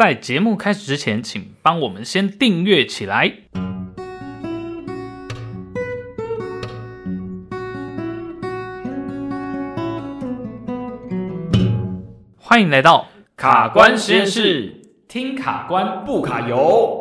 在節目開始之前，請幫我們先訂閱起來。歡迎來到卡關實驗室，聽卡關，不卡油。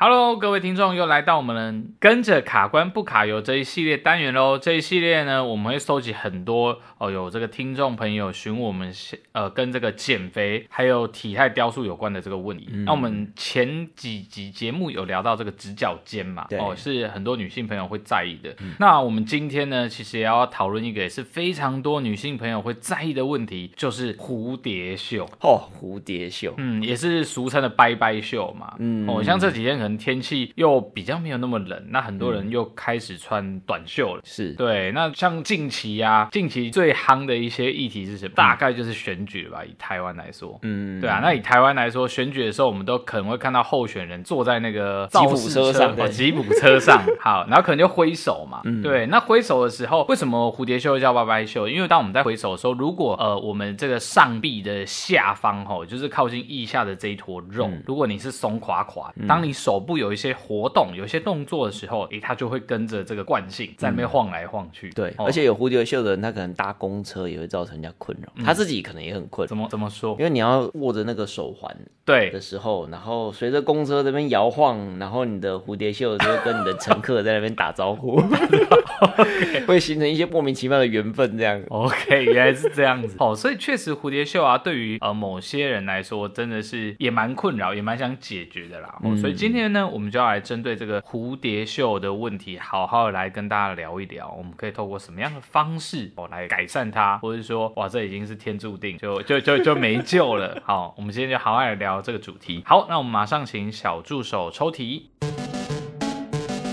Hello，各位聽眾又來到我們跟着卡關不卡油這一系列單元嘍。這一系列呢，我們會收集很多哦，有這個聽眾朋友詢問我們呃，跟這個減肥還有體態雕塑有關的這個問題。嗯、那我們前幾集節目有聊到這個直角肩嘛，哦，是很多女性朋友會在意的。嗯、那我們今天呢，其實也要討論一個也是非常多女性朋友會在意的問題，就是蝴蝶袖哦，蝴蝶袖，嗯，也是俗稱的拜拜袖嘛，嗯，哦，像這幾天可能。天氣又比較沒有那麼冷，那很多人又開始穿短袖了。是。對，那像近期啊，近期最夯的一些議題是什麼？嗯、大概就是選舉吧。以台灣來說，嗯，對啊。那以台灣來說，選舉的時候，我們都可能會看到候選人坐在那個吉普車上，吉普車上。哦、吉普車上 好，然後可能就揮手嘛、嗯。對，那揮手的時候，為什麼蝴蝶袖叫拜拜袖？因為當我們在揮手的時候，如果呃，我們這個上臂的下方，吼，就是靠近腋下的這一坨肉，嗯、如果你是鬆垮垮，當你手。手部有一些活動，有一些動作的時候，誒、欸，他就會跟着這個慣性在那邊晃來晃去。嗯、對、哦，而且有蝴蝶袖的人，他可能搭公車也會造成人家困擾、嗯，他自己可能也很困。怎麼怎麼說？因為你要握着那個手環對的時候，然後隨着公車這邊搖晃，然後你的蝴蝶袖就會跟你的乘客在那邊打招呼， 會形成一些莫名其妙的緣分這樣。OK，原來是這樣子。 哦，所以確實蝴蝶袖啊，對於呃某些人來說，真的是也蠻困擾，也蠻想解決的啦。哦，嗯、所以今天。那我們就要來針對這個蝴蝶袖的問題，好好來跟大家聊一聊。我們可以透過什麼樣的方式，喔、來改善它，或者是說，哇，這已經是天注定，就就就就沒救了。 好，我們今天就好好來聊這個主題。好，那我們馬上請小助手抽題。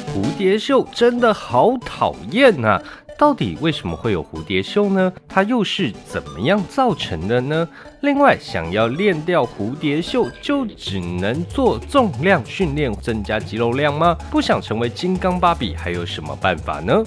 蝴蝶袖真的好討厭啊！到底為什麼會有蝴蝶袖呢？它又是怎麼樣造成的呢？另外，想要練掉蝴蝶袖，就只能做重量訓練，增加肌肉量嗎？不想成為金剛芭比，還有什麼辦法呢？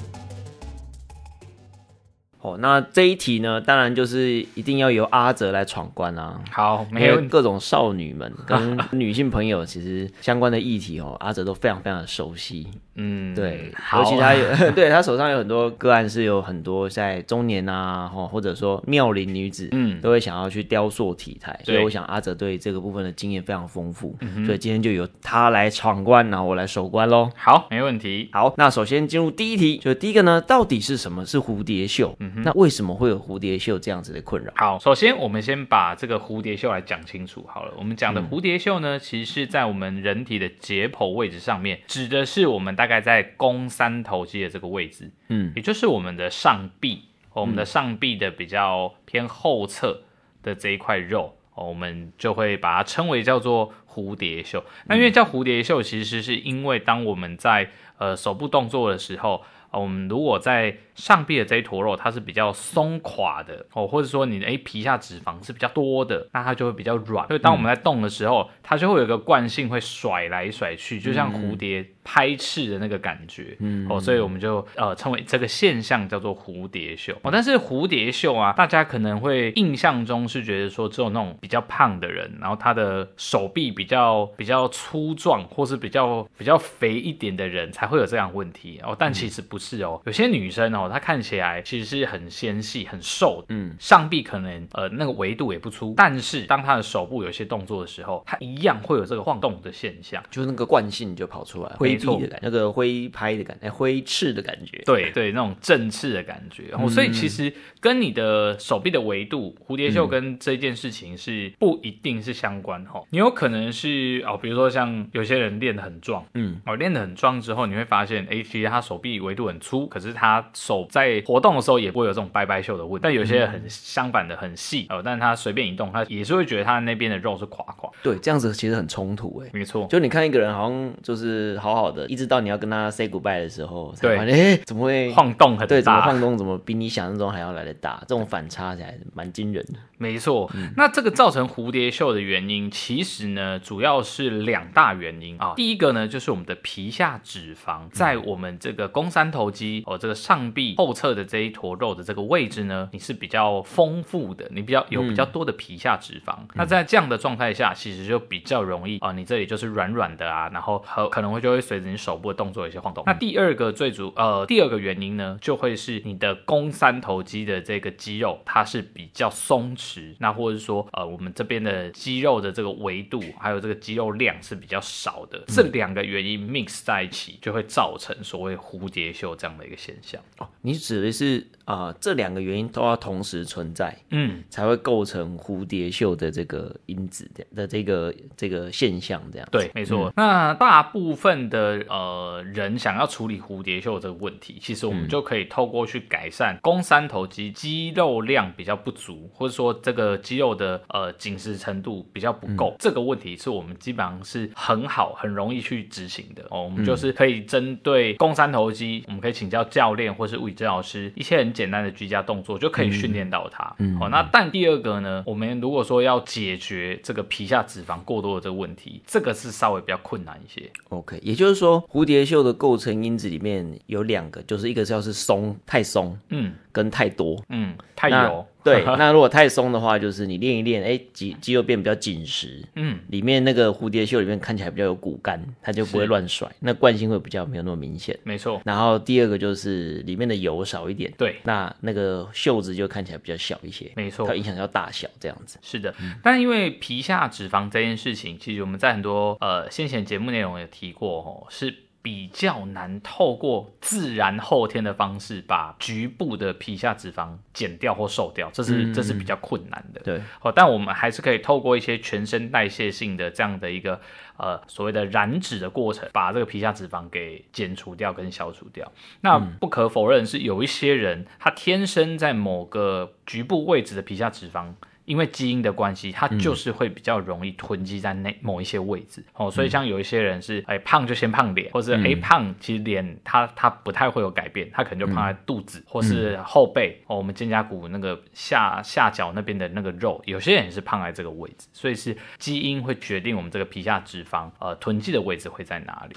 好、哦，那這一題呢，當然就是一定要由阿澤來闖關啊！好，沒有各種少女們跟女性朋友其實相關的議題哦，阿澤都非常非常的熟悉。嗯，對，尤其他有，啊、 對他手上有很多個案是有很多在中年啊，或或者說妙齡女子，嗯，都會想要去雕塑體態，所以我想阿澤對這個部分的經驗非常豐富，嗯，所以今天就由他來闖關，然後我來守關嘍。好，沒問題。好，那首先進入第一題，就是第一個呢，到底是什麼是蝴蝶袖？嗯哼，那為什麼會有蝴蝶袖這樣子的困擾？好，首先我們先把這個蝴蝶袖來講清楚好了。我們講的蝴蝶袖呢，其實是在我們人體的解剖位置上面，指的是我們大。大概在肱三頭肌的這個位置，嗯，也就是我們的上臂，我們的上臂的比較偏後側的這一塊肉，我們就會把它稱為叫做蝴蝶袖。那因為叫蝴蝶袖，其實是因為當我們在呃手部動作的時候，我們如果在上臂的這一坨肉，它是比較鬆垮的哦，或者說你誒、欸、皮下脂肪是比較多的，那它就會比較軟。所以當我們在動的時候，嗯、它就會有一個慣性會甩來甩去，就像蝴蝶拍翅的那個感覺，嗯哦，所以我們就呃稱為這個現象叫做蝴蝶袖哦。但是蝴蝶袖啊，大家可能會印象中是覺得說只有那種比較胖的人，然後他的手臂比較比較粗壯，或是比較比較肥一點的人才會有這樣的問題哦，但其實不是哦，有些女生哦。他看起來其實是很纖細、很瘦，嗯，上臂可能呃那個維度也不粗，但是當他的手部有些動作的時候，他一樣會有這個晃動的現象，就是那個慣性就跑出來，揮臂的感覺，那個揮拍的感覺、揮翅的感覺，對對，那種振翅的感覺。然、嗯、後、哦、所以其實跟你的手臂的維度，蝴蝶袖跟這件事情是不一定是相關哈、嗯哦。你有可能是哦，比如說像有些人練得很壯，嗯，哦練得很壯之後，你會發現、欸、其實他手臂維度很粗，可是他手在活動的時候也不會有這種掰掰袖的問題，但有些很相反的很細哦、呃，但他隨便一動，他也是會覺得他那邊的肉是垮垮。對，這樣子其實很衝突哎、欸，沒錯。就你看一個人好像就是好好的，一直到你要跟他 say goodbye 的時候才發現，對，哎、欸，怎麼會晃動很大？對，怎麼晃動怎麼比你想象中還要來得大？這種反差才蠻驚人的。沒錯、嗯，那這個造成蝴蝶袖的原因，其實呢主要是兩大原因啊、哦。第一個呢就是我們的皮下脂肪在我們這個肱三頭肌哦這個上臂。後側的這一坨肉的這個位置呢，你是比較豐富的，你比較有比較多的皮下脂肪。嗯、那在這樣的狀態下，其實就比較容易啊、呃，你這裡就是軟軟的啊，然後和可能會就會隨着你手部的動作有些晃動。嗯、那第二個最主呃第二個原因呢，就會是你的肱三頭肌的這個肌肉它是比較鬆弛，那或者是說呃我們這邊的肌肉的這個維度還有這個肌肉量是比較少的，嗯、這兩個原因 mix 在一起就會造成所謂蝴蝶袖這樣的一個現象。你指的是？啊、呃，這兩個原因都要同時存在，嗯，才會構成蝴蝶袖的這個因子的，這樣的這個這個現象，這樣對，沒錯、嗯。那大部分的呃人想要處理蝴蝶袖這個問題，其實我們就可以透過去改善肱三頭肌肌肉量比較不足，或者說這個肌肉的呃緊實程度比較不夠、嗯，這個問題是我們基本上是很好、很容易去執行的哦。我們就是可以針對肱三頭肌，我們可以請教教練或是物理治療師，一些人。簡單的居家動作就可以訓練到它，嗯，好、哦，那但第二個呢，我們如果說要解決這個皮下脂肪過多的這個問題，這個是稍微比較困難一些。OK，也就是說，蝴蝶袖的構成因子裡面有兩個，就是一個是要是鬆，太鬆，嗯，跟太多，嗯，太油。對，那如果太鬆的話，就是你練一練，誒、欸、肌肌肉變比較緊實，嗯，裡面那個蝴蝶袖裡面看起來比較有骨幹，它就不會亂甩，那慣性會比較沒有那麼明顯。沒錯。然後第二個就是裡面的油少一點，對，那那個袖子就看起來比較小一些。沒錯，它影響到大小這樣子。是的、嗯，但因為皮下脂肪這件事情，其實我們在很多呃先前節目內容也提過哦，是。比較難透過自然後天的方式把局部的皮下脂肪減掉或瘦掉，這是、嗯、這是比較困難的。對，好，但我們還是可以透過一些全身代謝性的這樣的一個呃所謂的燃脂的過程，把這個皮下脂肪給減除掉跟消除掉。那不可否認是有一些人，他天生在某個局部位置的皮下脂肪。因為基因的關係，它就是會比較容易囤積在那某一些位置、嗯、哦，所以像有一些人是哎、欸、胖就先胖臉，或者哎胖、嗯、其實臉它它不太會有改變，它可能就胖在肚子、嗯、或是後背哦，我們肩胛骨那個下下角那邊的那個肉，有些人也是胖在這個位置，所以是基因會決定我們這個皮下脂肪呃囤積的位置會在哪裡。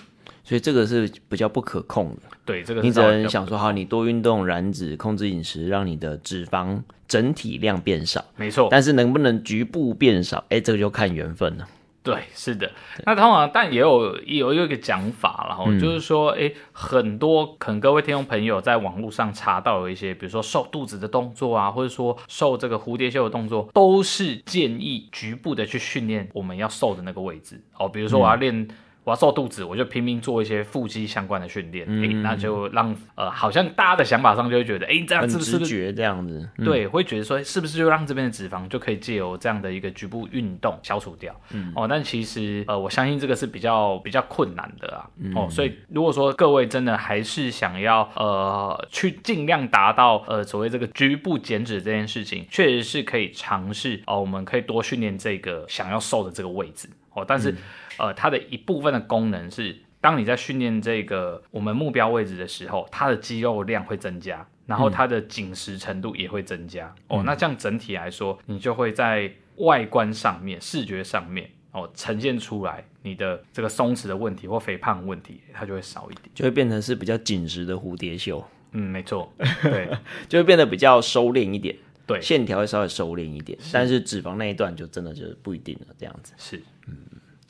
所以這個是比較不可控的。對，這個你只能想說，好，你多運動燃脂，控制飲食，讓你的脂肪整體量變少。沒錯，但是能不能局部變少，哎，這個就看緣分了。對，是的。那通常，但也有有有一個講法，然後就是說，嗯，欸，哎，很多可能各位聽眾朋友在網絡上查到有一些，比如說瘦肚子的動作啊，或者說瘦這個蝴蝶袖的動作，都是建議局部的去訓練我們要瘦的那個位置。哦，比如說我要練。我要瘦肚子，我就拼命做一些腹肌相關的訓練、嗯欸。那就讓呃，好像大家的想法上就會覺得，哎、欸，這樣是不是、嗯、覺這樣子？對、嗯，會覺得說是不是就讓這邊的脂肪就可以借由這樣的一個局部運動消除掉、嗯？哦，但其實呃，我相信這個是比較比較困難的啊、嗯。哦，所以如果說各位真的還是想要呃去儘量達到呃所謂這個局部減脂這件事情，確實是可以嘗試哦。我們可以多訓練這個想要瘦的這個位置哦，但是。嗯呃，它的一部分的功能是，當你在訓練這個我們目標位置的時候，它的肌肉量會增加，然後它的緊實程度也會增加、嗯。哦，那這樣整體來說，你就會在外觀上面、視覺上面，哦，呈現出來你的這個鬆弛的問題或肥胖的問題，它就會少一點，就會變成是比較緊實的蝴蝶袖。嗯，沒錯，對， 就會變得比較收斂一點。對，線條會稍微收斂一點，但是脂肪那一段就真的就是不一定了。這樣子。是，嗯。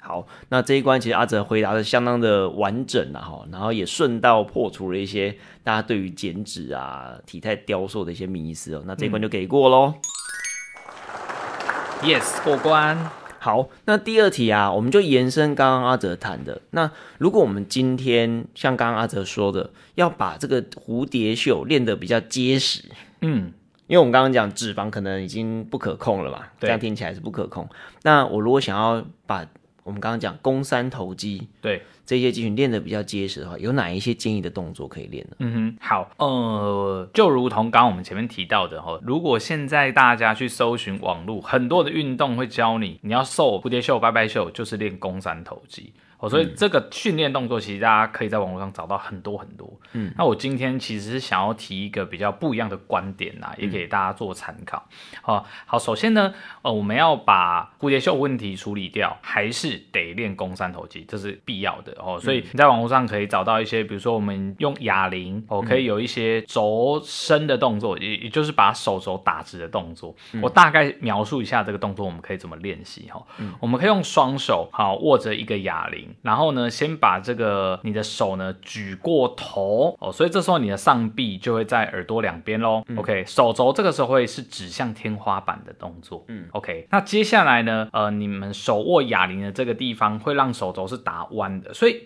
好，那這一關其實阿哲回答的相當的完整了，啊、哈，然後也順道破除了一些大家對於減脂啊、體態雕塑的一些迷思哦，喔。那這一關就給過嘍、嗯、，yes，過關。好，那第二題啊，我們就延伸剛剛阿哲談的。那如果我們今天像剛剛阿哲說的，要把這個蝴蝶袖練得比較結實，嗯，因為我們剛剛講脂肪可能已經不可控了吧，這樣聽起來是不可控。那我如果想要把我們剛剛講肱三頭肌，對這些肌群練得比較結實的話，有哪一些建議的動作可以練呢？嗯哼，好，呃，就如同剛剛我們前面提到的哈，如果現在大家去搜尋網絡，很多的運動會教你，你要瘦蝴蝶袖、拜拜袖，就是練肱三頭肌。哦，所以這個訓練動作其實大家可以在網絡上找到很多很多。嗯，那我今天其實是想要提一個比較不一樣的觀點吶、啊嗯，也給大家做參考。好、嗯哦、好，首先呢，呃、哦，我們要把蝴蝶袖問題處理掉，還是得練肱三頭肌，這是必要的。哦，所以你在網絡上可以找到一些，比如說我們用啞鈴，哦，可以有一些肘伸的動作，也、嗯、也就是把手肘打直的動作、嗯。我大概描述一下這個動作，我們可以怎麼練習哈？我們可以用雙手好、哦、握着一個啞鈴。然後呢，先把這個你的手呢舉過頭哦，所以這時候你的上臂就會在耳朵兩邊咯。嗯，OK，手肘這個時候會是指向天花板的動作。嗯，OK，那接下來呢，呃，你們手握啞鈴的這個地方會讓手肘是打彎的，所以。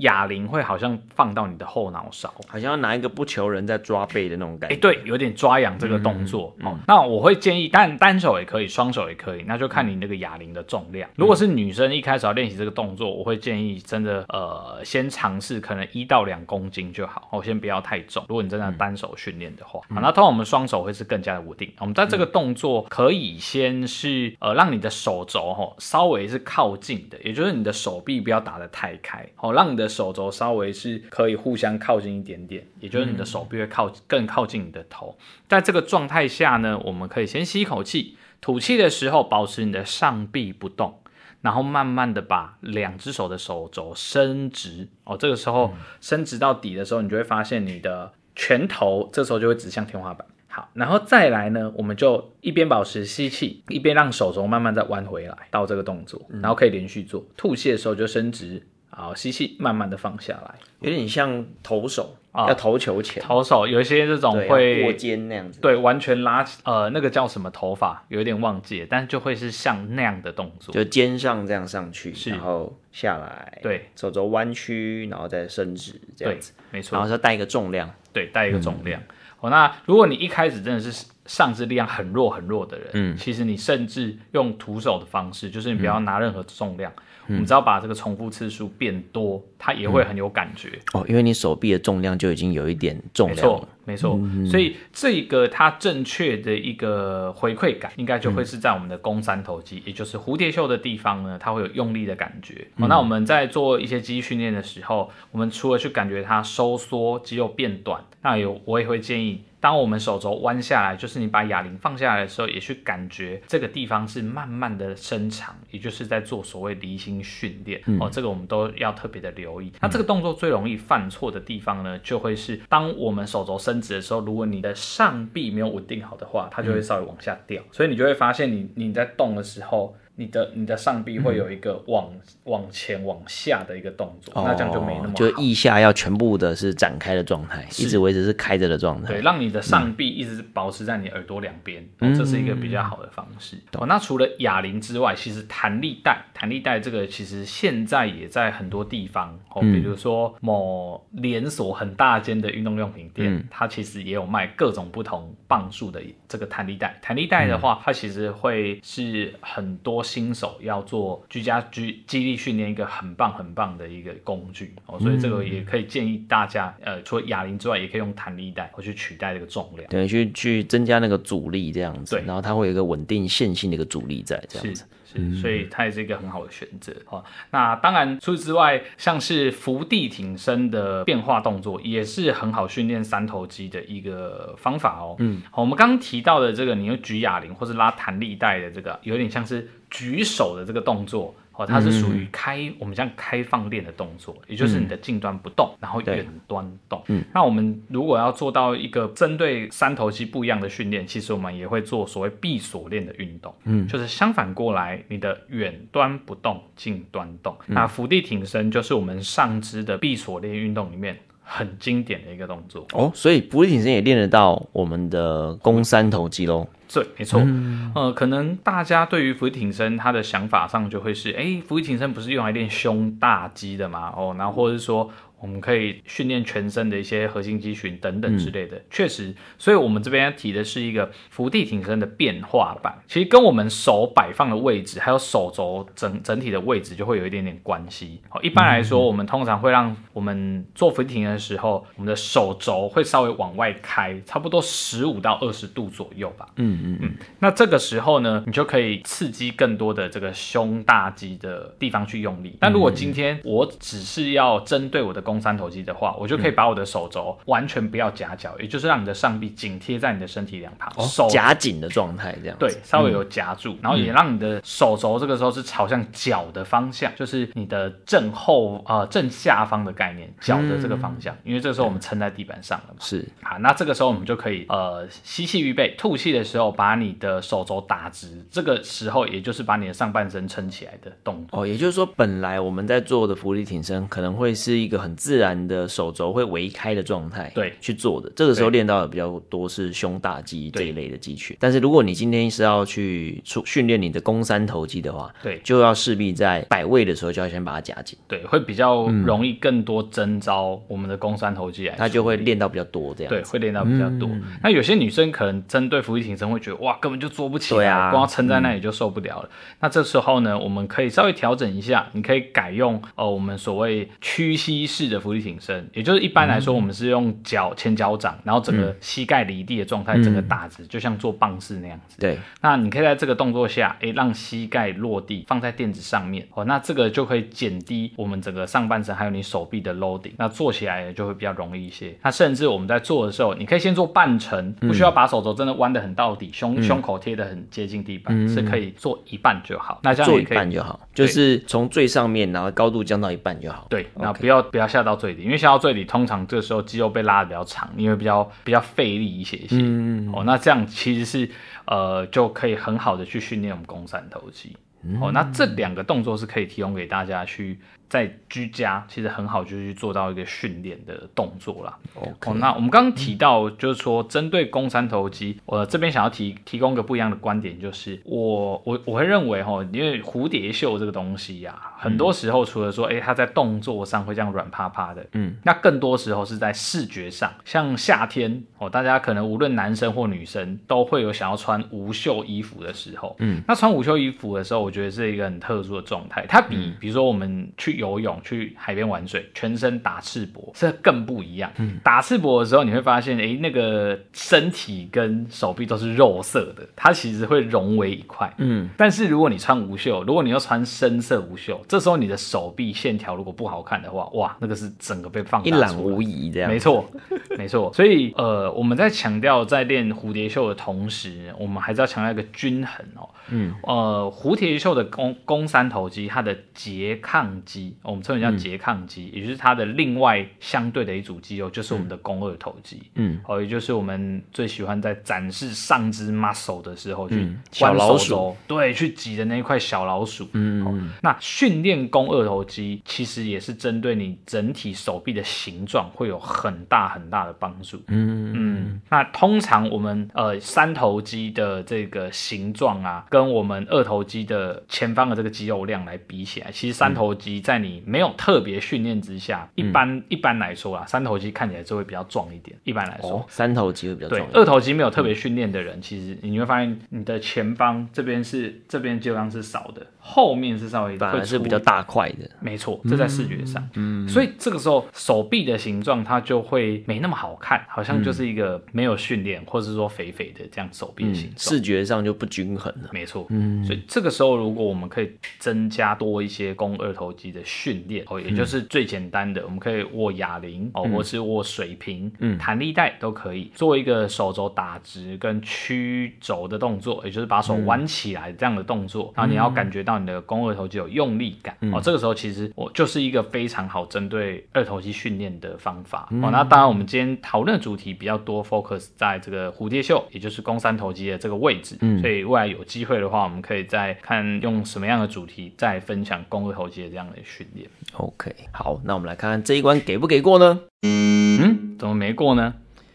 啞鈴會好像放到你的後腦勺，好像要拿一個不求人在抓背的那種感覺。哎、欸，對，有點抓癢這個動作哦、嗯嗯。那我會建議，但單手也可以，雙手也可以，那就看你那個啞鈴的重量，嗯。如果是女生一開始要練習這個動作，我會建議真的呃，先嘗試可能一到兩公斤就好，哦，先不要太重。如果你真的單手訓練的話，嗯，好，那通常我們雙手會是更加的穩定。我們在這個動作可以先是呃，讓你的手肘哈稍微是靠近的，也就是你的手臂不要打得太開，哦，讓你的。手肘稍微是可以互相靠近一點點，也就是你的手臂會靠、嗯、更靠近你的頭。在這個狀態下呢，我們可以先吸一口氣，吐氣的時候保持你的上臂不動，然後慢慢的把兩只手的手肘伸直。哦，這個時候、嗯、伸直到底的時候，你就會發現你的拳頭這時候就會指向天花板。好，然後再來呢，我們就一邊保持吸氣，一邊讓手肘慢慢再彎回來到這個動作，然後可以連續做、嗯、吐氣的時候就伸直。好，吸氣，慢慢的放下來，有點像投手啊，要投球前，投手有一些這種會、對啊、過肩那樣子，對，完全拉起，呃，那個叫什麼頭髮，有點忘記了，但是就會是像那樣的動作，就肩上這樣上去，然後下來，對，手肘彎曲，然後再伸直這樣子，對沒錯，然後再帶一個重量，對，帶一個重量。哦、嗯，那如果你一開始真的是上肢力量很弱很弱的人，嗯，其實你甚至用徒手的方式，就是你不要拿任何重量。嗯你只要把這個重複次數變多。它也會很有感覺、嗯、哦，因為你手臂的重量就已經有一點重量了，沒錯，沒錯、嗯。所以這個它正確的一個回饋感，應該就會是在我們的肱三頭肌、嗯，也就是蝴蝶袖的地方呢，它會有用力的感覺。嗯、哦，那我們在做一些肌訓練的時候，我們除了去感覺它收縮肌肉變短，那有我也會建議，當我們手肘彎下來，就是你把啞鈴放下來的時候，也去感覺這個地方是慢慢的伸長，也就是在做所謂離心訓練、嗯。哦，這個我們都要特別的留。那、嗯、這個動作最容易犯錯的地方呢，就會是當我們手肘伸直的時候，如果你的上臂沒有穩定好的話，它就會稍微往下掉，嗯、所以你就會發現你你在動的時候。你的你的上臂會有一個往、嗯、往前往下的一個動作，哦、那這樣就沒那麼好，就腋下要全部的是展開的狀態，一直維持是開着的狀態，對，讓你的上臂一直保持在你耳朵兩邊、嗯哦，這是一個比較好的方式。嗯、哦，那除了啞鈴之外，其實彈力帶，彈力帶這個其實現在也在很多地方，哦，比如說某連鎖很大間的運動用品店、嗯，它其實也有賣各種不同磅數的這個彈力帶。嗯、彈力帶的話，它其實會是很多。新手要做居家居肌力訓練，一個很棒很棒的一個工具哦、嗯，所以這個也可以建議大家，呃，除了啞鈴之外，也可以用彈力帶去取代這個重量，對，去去增加那個阻力這樣子，對，然後它會有一個穩定線性的一個阻力在這樣子。是，所以它也是一個很好的選擇、嗯、哦。那當然，除此之外，像是伏地挺身的變化動作，也是很好訓練三頭肌的一個方法哦。嗯，好，我們剛剛提到的這個，你用舉啞鈴或是拉彈力帶的這個，有點像是舉手的這個動作。哦、它是屬於開、嗯，我們叫開放鏈的動作，也就是你的近端不動，嗯、然後遠端動。嗯，那我們如果要做到一個針對三頭肌不一樣的訓練，其實我們也會做所謂閉鎖鏈的運動。嗯，就是相反過來，你的遠端不動，近端動、嗯。那伏地挺身就是我們上肢的閉鎖鏈運動裡面很經典的一個動作。哦，所以伏地挺身也練得到我們的肱三頭肌嘍。對，沒錯、嗯，呃，可能大家對於伏地挺身，他的想法上就會是，哎，伏地挺身不是用來練胸大肌的嗎？哦，然後或者是說。我們可以訓練全身的一些核心肌群等等之類的，確實，所以，我們這邊提的是一個伏地挺身的變化版，其實跟我們手擺放的位置，還有手肘整整體的位置就會有一點點關係。一般來說，我們通常會讓我們做伏地挺身的時候，我們的手肘會稍微往外開，差不多十五到二十度左右吧。嗯嗯嗯。那這個時候呢，你就可以刺激更多的這個胸大肌的地方去用力。但如果今天我只是要針對我的。肱三頭肌的話，我就可以把我的手肘完全不要夾角、嗯，也就是讓你的上臂緊貼在你的身體兩旁，哦、手夾緊的狀態這樣。對，稍微有夾住、嗯，然後也讓你的手肘這個時候是朝向腳的方向、嗯，就是你的正後啊、呃、正下方的概念，腳的這個方向、嗯。因為這個時候我們撐在地板上了嘛。是、嗯。好，那這個時候我們就可以呃吸氣預備，吐氣的時候把你的手肘打直，這個時候也就是把你的上半身撐起來的動作。哦，也就是說本來我們在做的浮力挺身可能會是一個很。自然的手肘會微開的狀態，對，去做的。這個時候練到的比較多是胸大肌這一類的肌群。但是如果你今天是要去訓練你的肱三頭肌的話，對，就要勢必在擺位的時候就要先把它夾緊，對，會比較容易更多徵召我們的肱三頭肌來。它、嗯、就會練到比較多這樣。對，會練到比較多。嗯、那有些女生可能針對伏地挺身，會覺得哇，根本就做不起來，對啊、光撐在那裡就受不了了、嗯。那這時候呢，我們可以稍微調整一下，你可以改用呃我們所謂屈膝式。的伏地挺身，也就是一般來說，我們是用腳、嗯、前腳掌，然後整個膝蓋離地的狀態、嗯，整個打直，就像做棒式那樣子。對。那你可以在這個動作下，誒、欸，讓膝蓋落地，放在墊子上面哦、喔。那這個就可以減低我們整個上半身還有你手臂的 loading，那做起來就會比較容易一些。那甚至我們在做的時候，你可以先做半程，不需要把手肘真的彎得很到底，胸、嗯、胸口貼得很接近地板、嗯，是可以做一半就好。嗯、那這樣也可以做一半就好。就是從最上面，然後高度降到一半就好。對，那不要不要，okay. 下到最底，因為下到最底，通常這時候肌肉被拉得比較長，因為比較比較費力一些一些、嗯。哦，那這樣其實是呃就可以很好的去訓練我們肱三頭肌。哦，那這兩個動作是可以提供給大家去。在居家其實很好，就是去做到一個訓練的動作啦。Okay, 哦，那我們剛剛提到，就是說針對肱三頭肌，我、嗯呃、這邊想要提提供一個不一樣的觀點，就是我我我會認為哈、哦，因為蝴蝶袖這個東西呀、啊嗯，很多時候除了說，哎、欸，它在動作上會這樣軟趴趴的，嗯，那更多時候是在視覺上，像夏天哦，大家可能無論男生或女生都會有想要穿無袖衣服的時候，嗯，那穿無袖衣服的時候，我覺得是一個很特殊的狀態，它比、嗯、比如說我們去游泳、去海邊玩水，全身打赤膊這更不一樣。嗯，打赤膊的時候，你會發現，哎、欸，那個身體跟手臂都是肉色的，它其實會融為一塊。嗯，但是如果你穿無袖，如果你要穿深色無袖，這時候你的手臂線條如果不好看的話，哇，那個是整個被放大，一覽無遺這樣。沒錯， 沒錯。所以，呃，我們在強調在練蝴蝶袖的同時，我們還是要強調一個均衡哦。嗯，呃，蝴蝶袖的肱肱三頭肌，它的拮抗肌。我們稱為叫拮抗肌、嗯，也就是它的另外相對的一組肌肉，就是我們的肱二頭肌。嗯，哦，也就是我們最喜歡在展示上肢 muscle 的時候去彎手肘、嗯、小老鼠，對，去擠的那塊小老鼠。嗯、嗯哦、那訓練肱二頭肌其實也是針對你整體手臂的形狀會有很大很大的幫助。嗯嗯，嗯，那通常我們呃三頭肌的這個形狀啊，跟我們二頭肌的前方的這個肌肉量來比起來，其實三頭肌在你沒有特別訓練之下，一般、嗯、一般來說啊，三頭肌看起來就會比較壯一點。一般來說，哦、三頭肌會比較壯。二頭肌沒有特別訓練的人、嗯，其實你會發現你的前方這邊是這邊基本上是少的，後面是稍微反而是比較大塊的。沒錯，這在視覺上，嗯，所以這個時候手臂的形狀它就會沒那麼好看，好像就是一個沒有訓練或者說肥肥的這樣手臂的形狀、嗯，視覺上就不均衡了。沒錯，嗯，所以這個時候如果我們可以增加多一些肱二頭肌的訓練哦，也就是最簡單的，嗯、我們可以握啞鈴哦，或是握水瓶，嗯，彈力帶都可以做一個手肘打直跟曲肘的動作，也就是把手彎起來這樣的動作，嗯、然後你要感覺到你的肱二頭肌有用力感哦、嗯喔，這個時候其實我就是一個非常好針對二頭肌訓練的方法哦、嗯喔。那當然，我們今天討論的主題比較多，focus 在這個蝴蝶袖，也就是肱三頭肌的這個位置，嗯，所以未來有機會的話，我們可以再看用什麼樣的主題再分享肱二頭肌的這樣的，訓練，OK，好，那我們來看看這一關給不給過呢？嗯，怎麼沒過呢？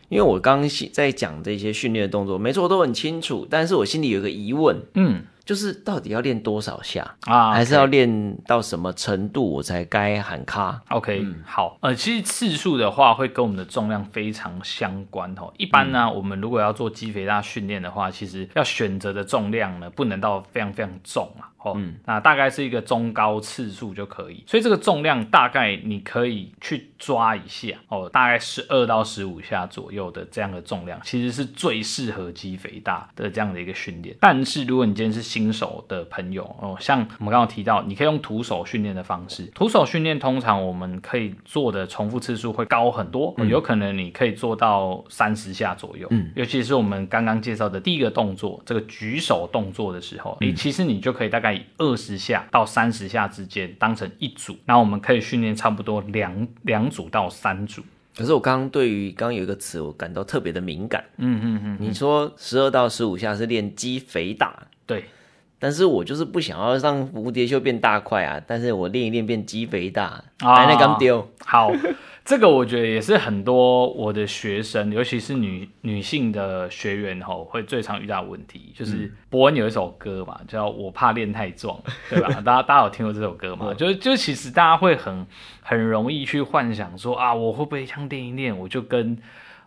因為我剛在講這些訓練的動作，沒錯，我都很清楚，但是我心裡有個疑問，嗯。就是到底要練多少下啊，okay？還是要練到什麼程度我才該喊卡？OK，好，呃，其實次數的話會跟我們的重量非常相關哦。一般呢，嗯，我們如果要做肌肥大訓練的話，其實要選擇的重量呢，不能到非常非常重啊。哦，嗯，那大概是一個中高次數就可以。所以這個重量大概你可以去抓一下哦，大概十二到十五下左右的這樣的重量，其實是最適合肌肥大的這樣的一個訓練。但是如果你今天是，新手的朋友哦，像我們剛剛提到，你可以用徒手訓練的方式。徒手訓練通常我們可以做的重複次數會高很多，嗯、有可能你可以做到三十下左右、嗯。尤其是我們剛剛介紹的第一個動作，這個舉手動作的時候，你其實你就可以大概以二十下到三十下之間當成一組，那我們可以訓練差不多兩兩組到三組。可是我剛剛對於剛剛有一個詞，我感到特別的敏感。嗯嗯嗯，你說十二到十五下是練肌肥大，對。但是我就是不想要讓蝴蝶袖變大塊啊！但是我練一練變肌肥大啊，那剛丟好，這個我覺得也是很多我的學生， 尤其是女女性的學員吼、喔，會最常遇到的問題，就是伯恩有一首歌嘛，叫《我怕練太壯》， 對吧？大家大家有聽過這首歌嗎？ 就就其實大家會很很容易去幻想說啊，我會不會像練一練我就跟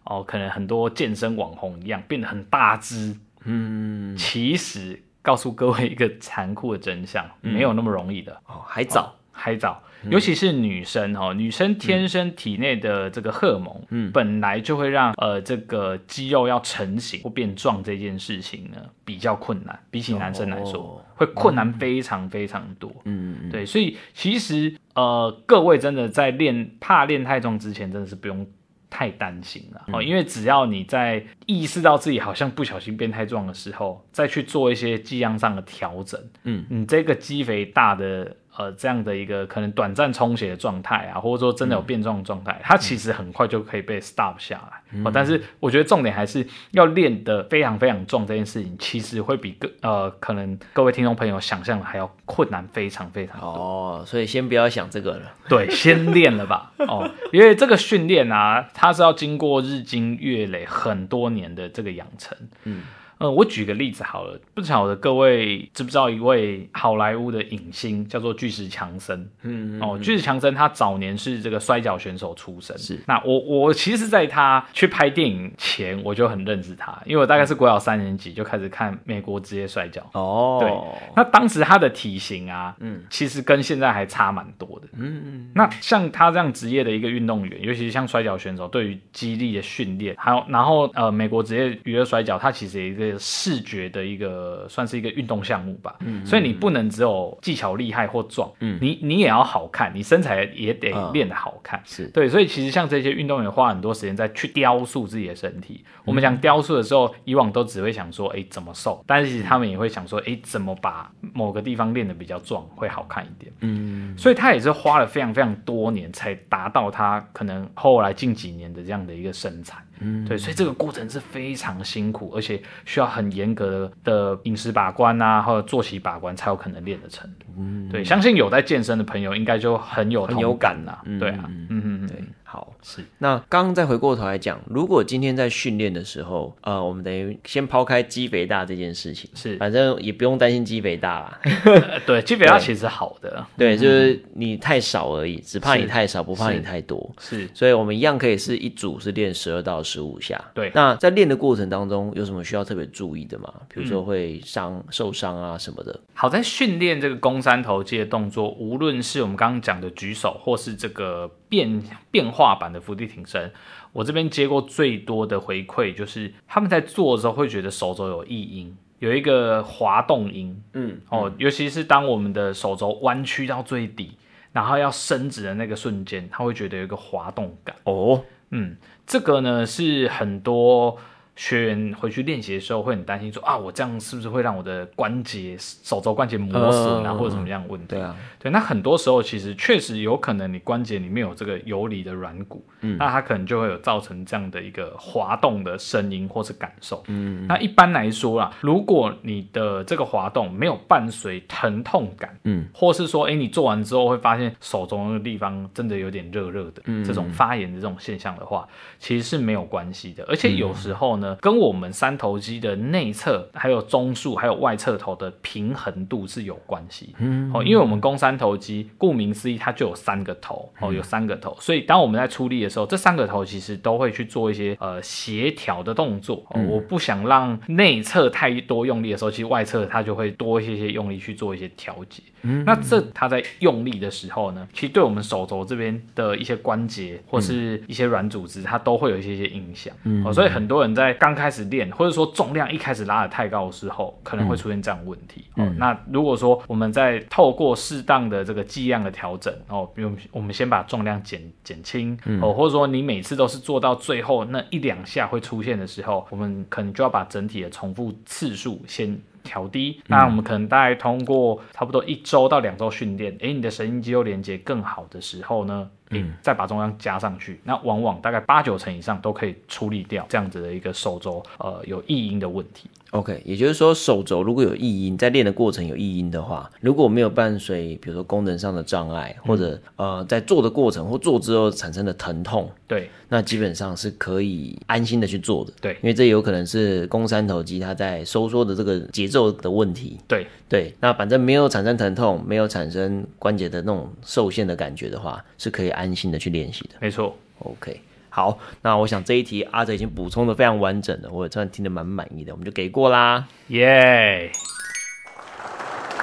哦、呃，可能很多健身網紅一樣變得很大隻？嗯，其實。告訴各位一個殘酷的真相，沒有那麼容易的、嗯、哦。還早，哦、還早、嗯，尤其是女生哦，女生天生體內的這個荷爾蒙，嗯，本來就會讓呃這個肌肉要成型或變壯這件事情呢比較困難、嗯，比起男生來說、哦、會困難非常非常多。嗯，嗯，嗯，對，所以其實呃各位真的在練怕練太重之前，真的是不用。太擔心了哦，因為只要你在意識到自己好像不小心變太壯的時候，再去做一些劑量上的調整，嗯，你這個肌肥大的呃這樣的一個可能短暫充血的狀態啊，或者說真的有變壯的狀態，它其實很快就可以被 stop 下來。嗯嗯哦、但是我覺得重點還是要練得非常非常重這件事情，其實會比各呃可能各位聽眾朋友想象的還要困難非常非常多哦，所以先不要想這個了，對，先練了吧， 哦，因為這個訓練啊，它是要經過日積月累很多年的這個養成，嗯，呃，我舉個例子好了，不曉得各位知不知道一位好萊塢的影星叫做巨石強森，嗯，嗯，嗯，哦，巨石強森他早年是這個摔角選手出身，是，那我我其實在他，去拍電影前，我就很認識他，因為我大概是國小三年級就開始看美國職業摔跤哦。對，那當時他的體型啊，嗯，其實跟現在還差蠻多的。嗯嗯。那像他這樣職業的一個運動員，尤其是像摔跤選手，對於肌力的訓練，還有然後呃，美國職業娛樂摔跤，他其實也一個視覺的一個，算是一個運動項目吧。嗯、嗯、嗯。所以你不能只有技巧厲害或壯，嗯，你你也要好看，你身材也得練得好看。嗯、是對，所以其實像這些運動員花很多時間在去掉。雕塑自己的身體。我們講雕塑的時候、嗯，以往都只會想說，哎、欸，怎麼瘦？但是其實他們也會想說，哎、欸，怎麼把某個地方練得比較壯，會好看一點。嗯，所以他也是花了非常非常多年，才達到他可能後來近幾年的這樣的一個身材。嗯，對，所以這個過程是非常辛苦，而且需要很嚴格的的飲食把關吶、啊，或者作息把關，才有可能練得成。嗯，對，相信有在健身的朋友，應該就很有、啊、很有感啦、啊嗯。對啊，嗯嗯，對，好，是。那剛剛再回過頭來講，如果今天在訓練的時候，呃，我們等於先拋開肌肥大這件事情，是，反正也不用擔心肌肥大啦。 呃、對，肌肥大其實好的對、嗯，對，就是你太少而已，只怕你太少，不怕你太多是。是，所以我們一樣可以是一組是練十二到十五下，對。那在練的過程當中，有什麼需要特別注意的嗎？比如說會傷、嗯、受傷啊什麼的。好，在訓練這個肱三頭肌的動作，無論是我們剛剛講的舉手，或是這個變變化版的伏地挺身，我這邊接過最多的回饋就是，他們在做的時候會覺得手肘有異音，有一個滑動音。嗯，哦，嗯、尤其是當我們的手肘彎曲到最底，然後要伸直的那個瞬間，他會覺得有一個滑動感。哦。嗯，這個呢，是很多，學員回去練習的時候會很擔心說，說啊，我這樣是不是會讓我的關節、手肘關節磨損啊，呃、或者什麼樣的問題？對啊，對。那很多時候其實確實有可能，你關節裡面有這個游離的軟骨，嗯，那它可能就會有造成這樣的一個滑動的聲音或是感受。嗯。那一般來說啦，如果你的這個滑動沒有伴隨疼痛感，嗯，或是說，哎、欸，你做完之後會發現手肘那個地方真的有點熱熱的、嗯，這種發炎的這種現象的話，其實是沒有關係的。而且有時候呢。嗯跟我們三頭肌的內側、還有中束、還有外側頭的平衡度是有關係。嗯，哦，因為我們肱三頭肌顧名思義，它就有三個頭，哦，有三個頭，所以當我們在出力的時候，這三個頭其實都會去做一些呃協調的動作。哦，我不想讓內側太多用力的時候，其實外側它就會多一些些用力去做一些調節。嗯，那這它在用力的時候呢，其實對我們手肘這邊的一些關節或是一些軟組織，它都會有一些些影響。哦，所以很多人在剛開始練，或者說重量一開始拉得太高的時候，可能會出現這樣的問題。嗯嗯哦，那如果說我們在透過適當的這個劑量的調整，哦，用我們先把重量減減輕，哦，或者說你每次都是做到最後那一兩下會出現的時候，我們可能就要把整體的重複次數先。調低，那我們可能大概通過差不多一周到兩周訓練，誒、欸，你的神經肌肉連接更好的時候呢，嗯、欸，再把重量加上去，那往往大概八九成以上都可以處理掉這樣子的一個手肘呃有異音的問題。OK，也就是說，手肘如果有異音，在練的過程有異音的話，如果我沒有伴隨，比如說功能上的障礙，或者、嗯、呃，在做的過程或做之後產生的疼痛，對，那基本上是可以安心的去做的，對，因為這有可能是肱三頭肌它在收縮的這個節奏的問題，對對，那反正沒有產生疼痛，沒有產生關節的那種受限的感覺的話，是可以安心的去練習的，沒錯，OK。好，那我想這一題阿澤已經補充的非常完整了，我也算聽得蠻滿意的，我們就給過啦，耶、yeah！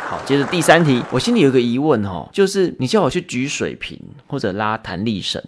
好，接着第三題，我心裡有個疑問哈、哦，就是你叫我去舉水瓶或者拉彈力繩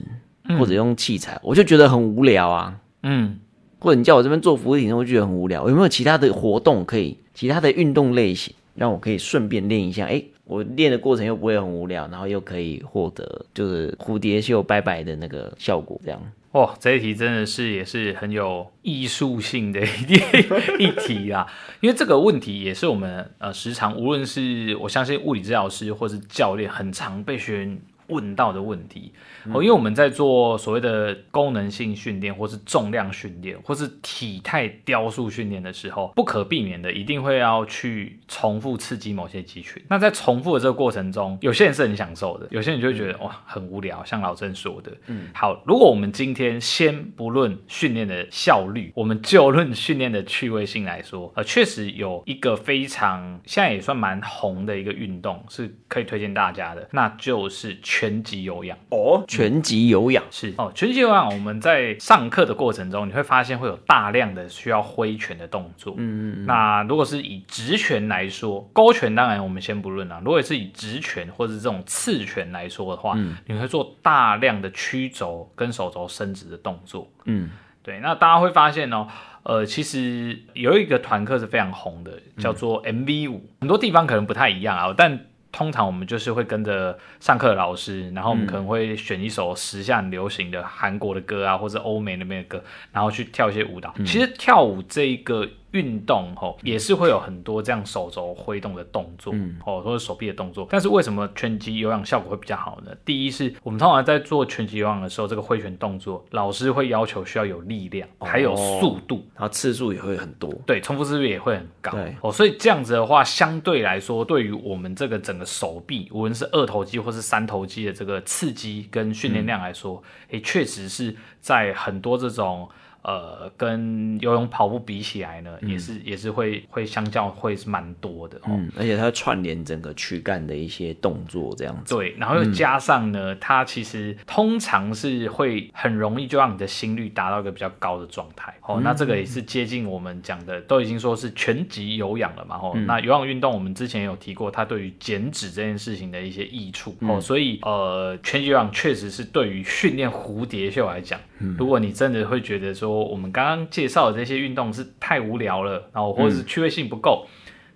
或者用器材、嗯，我就覺得很無聊啊。嗯。或者你叫我這邊做伏地挺身，我覺得很無聊。有沒有其他的活動可以？其他的運動類型讓我可以順便練一下？哎、欸，我練的過程又不會很無聊，然後又可以獲得就是蝴蝶袖拜拜的那個效果，這樣。哦，這一題真的是也是很有藝術性的一題 一題啦，啊，因為這個問題也是我們呃時常，無論是我相信物理治療師或是教練，很常被學員。問到的問題，哦，因為我們在做所謂的功能性訓練，或是重量訓練，或是體態雕塑訓練的時候，不可避免的一定會要去重複刺激某些肌群。那在重複的這個過程中，有些人是很享受的，有些人就會覺得、嗯、哇，很無聊。像老鄭說的，嗯，好，如果我們今天先不論訓練的效率，我們就論訓練的趣味性來說，呃，確實有一個非常，現在也算蠻紅的一個運動，是可以推薦大家的，那就是。拳擊有氧、oh, 拳擊有氧，嗯、哦，拳擊有氧是，哦，拳擊有氧，我們在上課的過程中，你會發現會有大量的需要揮拳的動作。嗯嗯。那如果是以直拳來說，勾拳當然我們先不論啦。如果是以直拳或是這種刺拳來說的話，嗯、你會做大量的屈肘跟手肘伸直的動作。嗯，對。那大家會發現哦、喔，呃，其實有一個團課是非常紅的，叫做 M V 五，很多地方可能不太一樣啊，但。通常我們就是會跟着上課的老師，然後我們可能會選一首時下流行的韓國的歌啊，或者歐美那邊的歌，然後去跳一些舞蹈。嗯、其實跳舞這一個。運動吼也是會有很多這樣手肘揮動的動作，嗯，哦，或者手臂的動作。但是為什麼拳擊有氧效果會比較好呢？第一是，我們通常在做拳擊有氧的時候，這個揮拳動作，老師會要求需要有力量，還有速度，哦、然後次數也會很多，對，重複次數也會很高，哦，所以這樣子的話，相對來說，對於我們這個整個手臂，無論是二頭肌或是三頭肌的這個刺激跟訓練量來說，也、嗯、欸、確實是在很多這種。呃，跟游泳、跑步比起來呢，嗯、也是也是會會相較會是蠻多的、喔、嗯。而且它串聯整個軀幹的一些動作這樣子。對，然後又加上呢，嗯、它其實通常是會很容易就讓你的心率達到一個比較高的狀態哦。那這個也是接近我們講的、嗯，都已經說是拳擊有氧了嘛哦、喔嗯，那有氧運動我們之前有提過，它對於減脂這件事情的一些益處哦、喔嗯。所以呃，拳擊有氧確實是對於訓練蝴蝶袖來講。如果你真的會覺得說我們剛剛介紹的這些運動是太無聊了，然、哦、後或者是趣味性不夠、嗯，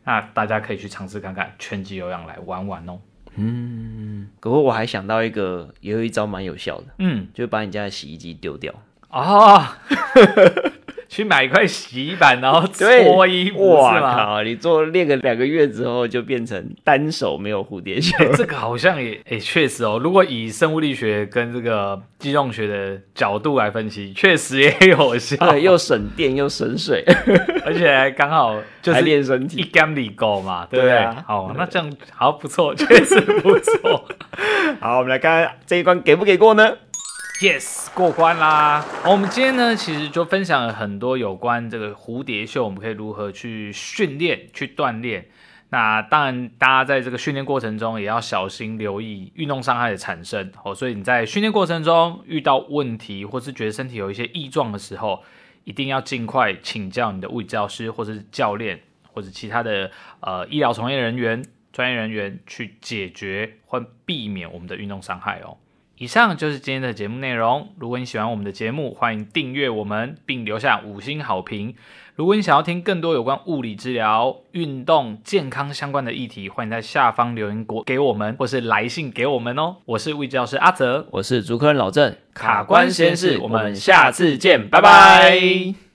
那大家可以去嘗試看看拳擊有氧來玩玩哦。嗯，不過我還想到一個，也有一招蠻有效的，嗯，就把你家的洗衣機丟掉啊。 去買一塊洗衣板，然後搓衣服是吧？好你做練個兩個月之後，就變成單手沒有蝴蝶袖、欸。這個好像也誒，確、欸、實哦。如果以生物力學跟這個肌動學的角度來分析，確實也有效。對又省電又省水，而且還剛好就是練身體，一兼二顧嘛，對不對？對啊、好對對對，那這樣還不錯，確實不錯。 好，我們來看,看這一關給不給過呢？Yes，過關啦！好，哦，我們今天呢，其實就分享了很多有關這個蝴蝶袖，我們可以如何去訓練、去鍛煉。那當然，大家在這個訓練過程中也要小心留意運動傷害的產生。哦，所以你在訓練過程中遇到問題，或是覺得身體有一些異狀的時候，一定要盡快請教你的物理教師、或是教練，或者其他的呃醫療從業人員、專業人員去解決或避免我們的運動傷害哦。以上就是今天的節目內容。如果你喜歡我們的節目，歡迎訂閱我們，並留下五星好評。如果你想要聽更多有關物理治療、運動、健康相關的議題，歡迎在下方留言給我們，或是來信給我們哦。我是物理治療師阿澤，我是足科人老鄭，卡關實驗室，我們下次見，拜拜。